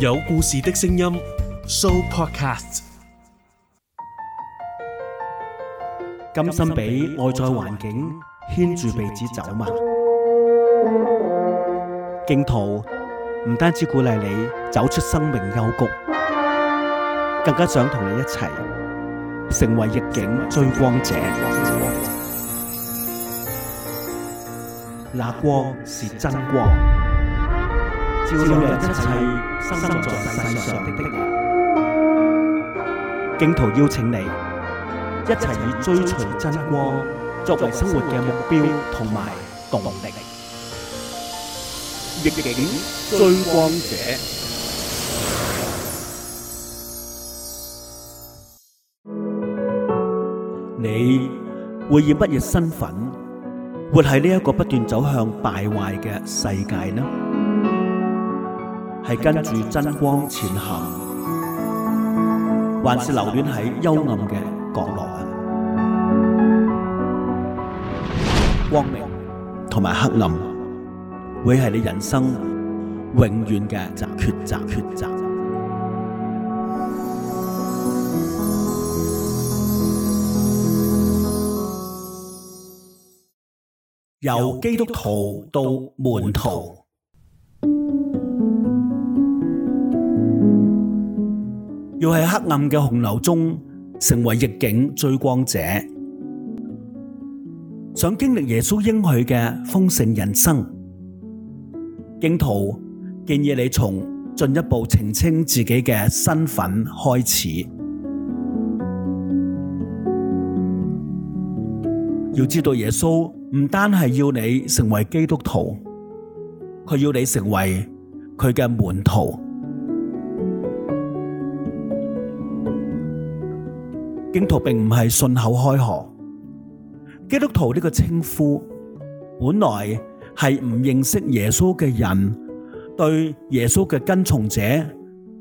有故事的聲音，So Podcast。甘心俾外在環境牽住鼻子走嘛？荊徒唔單止鼓勵你走出生命幽谷，更加想同你一齊成為逆境追光者。那光是真光。照亮一切生在世上的的人，荊徒邀請你一齊以追隨真光作為生活嘅目標同埋動力，逆境追光者，你會以乜嘢身份活喺呢一個不斷走向敗壞嘅世界呢？係跟住真光前行，還是留戀喺幽暗嘅角落？光明同埋黑暗，會係你人生永遠嘅抉擇，抉擇。由基督徒到門徒。喺黑暗嘅洪流中，成為逆境追光者，想經歷耶穌應許嘅豐盛人生，荊徒建議你從進一步澄清自己嘅身份開始。要知道耶穌唔單係要你成為基督徒，佢要你成為佢嘅門徒。荊徒並唔係信口開河。基督徒呢個稱呼本來係唔認識耶穌嘅人對耶穌嘅跟從者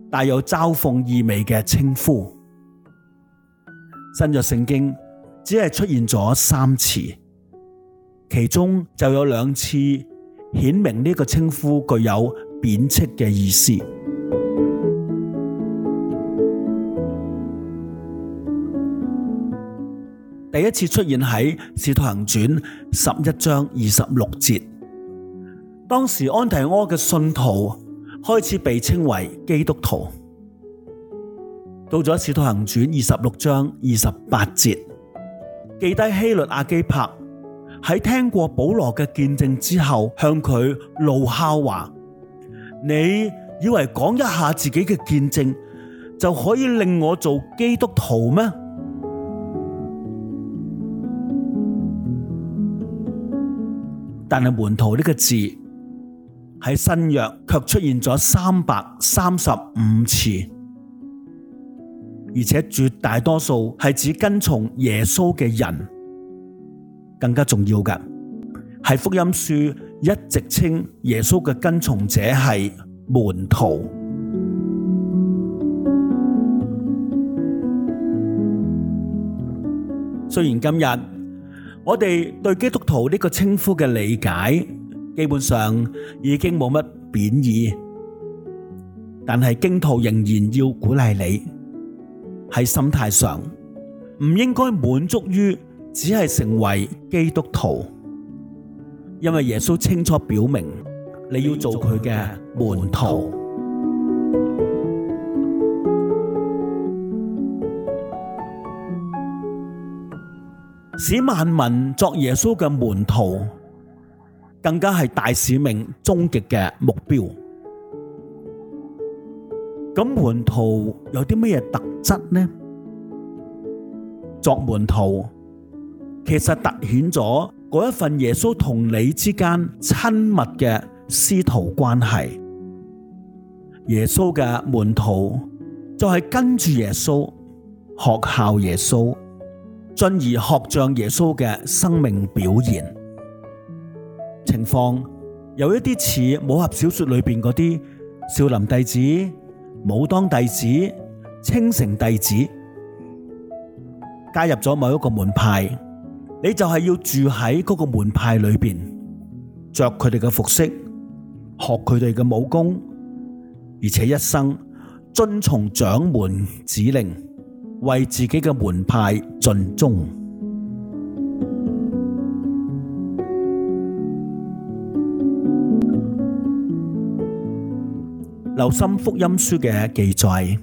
帶有嘲諷意味嘅稱呼。新約聖經只係出現咗三次，其中就有兩次顯明呢個稱呼具有貶斥嘅意思。第一次出現喺《使徒行傳》十一章二十六節，當時安提阿嘅信徒開始被稱為基督徒到。到咗《使徒行傳》二十六章二十八節，記低希律亞基帕喺聽過保羅嘅見證之後，向佢怒哮話：你以為講一下自己嘅見證就可以令我做基督徒咩？但係門徒呢個字喺新約卻出現咗三百三十五次，而且絕大多數係指跟從耶穌嘅人，更加重要嘅係福音書一直稱耶穌嘅跟從者係門徒。雖然今日。我哋對基督徒呢個稱呼嘅理解，基本上已經冇乜貶義，但係荊徒仍然要鼓勵你喺心態上，唔應該滿足於只係成為基督徒，因為耶穌清楚表明你要做佢嘅門徒。使萬民作耶穌嘅門徒，更加係大使命終極嘅目標。咁門徒有啲咩嘢特質呢？作門徒，其實凸顯咗嗰一份耶穌同你之間親密嘅師徒關係。耶穌嘅門徒就係跟住耶穌，學效耶穌。進而學像耶穌嘅生命表現情況，有一啲似武俠小說裏邊嗰啲少林弟子、武當弟子、青城弟子，加入咗某一個門派，你就係要住喺嗰個門派裏邊，着佢哋嘅服飾，學佢哋嘅武功，而且一生遵從掌門指令。為自己嘅門派盡忠。留心福音書嘅記載，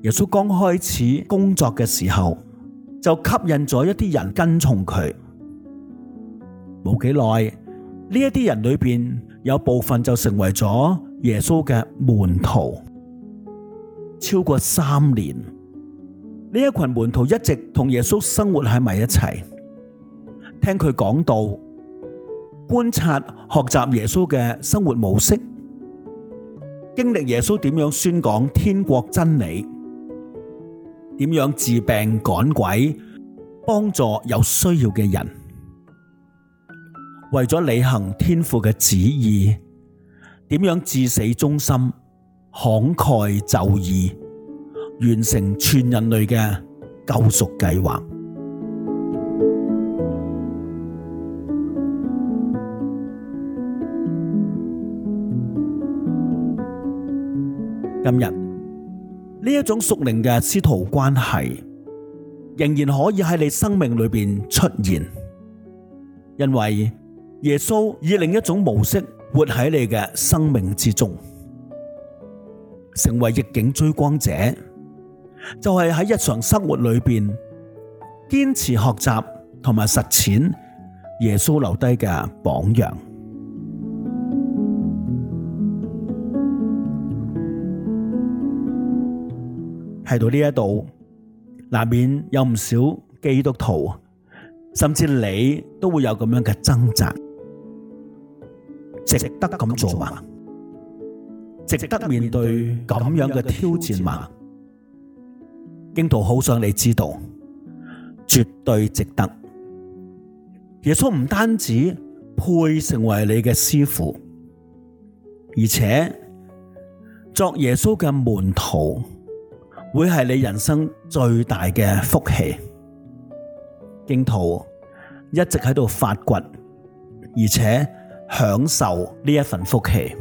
耶穌剛開始工作嘅時候就吸引咗一啲人跟從佢。冇幾耐，呢一啲人裏邊有部分就成為咗耶穌嘅門徒。超過三年。呢一群門徒一直同耶穌生活喺埋一齊，聽佢講道，觀察學習耶穌嘅生活模式，經歷耶穌點樣宣講天國真理，點樣治病趕鬼，幫助有需要嘅人，為咗履行天父嘅旨意，點樣至死忠心，慷慨就義，完成全人類嘅救贖計劃。今日呢一種屬靈嘅師徒關係，仍然可以喺你生命裏邊出現，因為耶穌以另一種模式活喺你嘅生命之中，成為逆境追光者。就係喺日常生活裏邊堅持學習同埋實踐耶穌留低嘅榜樣。喺到呢一度，難免有唔少基督徒，甚至你都會有咁樣嘅掙扎，值得咁做嘛？值得面對咁樣嘅挑戰嘛？荊徒好想你知道，絕對值得。耶穌唔單止配成為你嘅師傅，而且作耶穌嘅門徒會係你人生最大嘅福氣。荊徒一直喺度發掘，而且享受呢一份福氣。